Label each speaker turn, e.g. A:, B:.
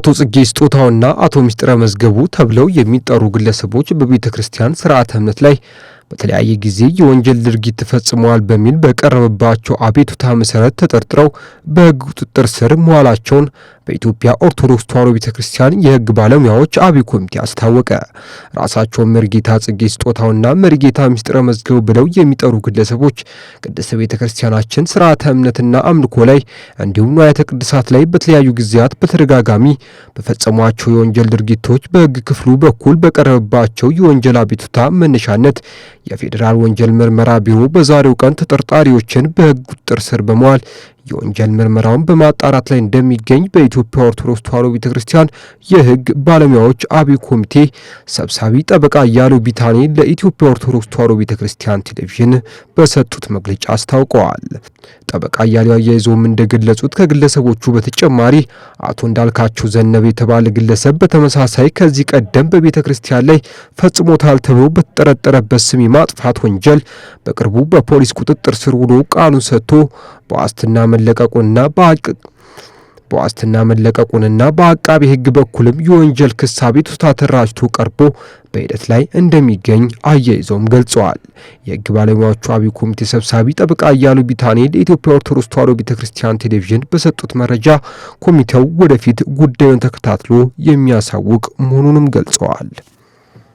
A: አቶ ጽጌ ስጦታውና አቶ ሚስጥረ መዝገቡ ተብለው የሚጠሩ ግለሰቦች በቤተ ክርስቲያን ስርዓተ እምነት ላይ በተለያየ ጊዜ የወንጀል ድርጊት ፈጽመዋል በሚል በቀረበባቸው አቤቱታ መሰረት ተጠርጥረው በሕግ ቁጥጥር ስር መዋላቸውን በኢትዮጵያ ኦርቶዶክስ ተዋሕዶ ቤተ ክርስቲያን የሕግ ባለሙያዎች አብይ ኮሚቴ አስታወቀ። ራሳቸውን መርጌታ ጽጌ ስጦታውና መርጌታ ምስጥረ መዝገብ ብለው የሚጠሩ ግለሰቦች ቅድስት ቤተ ክርስቲያናችን ስርዓተ እምነትና አምልኮ ላይ እንዲሁም ንዋያተ ቅድሳት ላይ በተለያዩ ጊዜያት በተደጋጋሚ በፈጸሟቸው የወንጀል ድርጊቶች በሕግ ክፍሉ በኩል በቀረበባቸው የወንጀል አቤቱታ መነሻነት የፌዴራል ወንጀል ምርመራ ቢሮ በዛሬው ቀን ተጠርጣሪዎችን በሕግ ቁጥጥር ስር በመዋል የወንጀል ምርመራውን በማጣራት ላይ እንደሚገኝ በኢትዮጵያ ኦርቶዶክስ ተዋሕዶ ቤተ ክርስቲያን የሕግ ባለሙያዎች አብይ ኮሚቴ ሰብሳቢ ጠበቃ እያሉ ቢታኔ ለኢትዮጵያ ኦርቶዶክስ ተዋሕዶ ቤተ ክርስቲያን ቴሌቪዥን በሰጡት መግለጫ አስታውቀዋል። ጠበቃ እያሉ አያይዘውም እንደገለጹት ከግለሰቦቹ በተጨማሪ አቶ እንዳልካቸው ዘነበ የተባለ ግለሰብ በተመሳሳይ ከዚህ ቀደም በቤተ ክርስቲያን ላይ ፈጽሞታል ተብሎ በተጠረጠረበት ስም የማጥፋት ወንጀል በቅርቡ በፖሊስ ቁጥጥር ስር ውሎ ቃሉን ሰጥቶ በዋስትና መለቀቁንና በአቅ በዋስትና መለቀቁንና በአቃቢ ሕግ በኩልም የወንጀል ክስ አቤቱታ ተደራጅቶ ቀርቦ በሂደት ላይ እንደሚገኝ አያይዘውም ገልጸዋል። የሕግ ባለሙያዎቹ አብይ ኮሚቴ ሰብሳቢ ጠበቃ እያሉ ቢታኔ ለኢትዮጵያ ኦርቶዶክስ ተዋሕዶ ቤተ ክርስቲያን ቴሌቪዥን በሰጡት መረጃ ኮሚቴው ወደፊት ጉዳዩን ተከታትሎ የሚያሳውቅ መሆኑንም ገልጸዋል።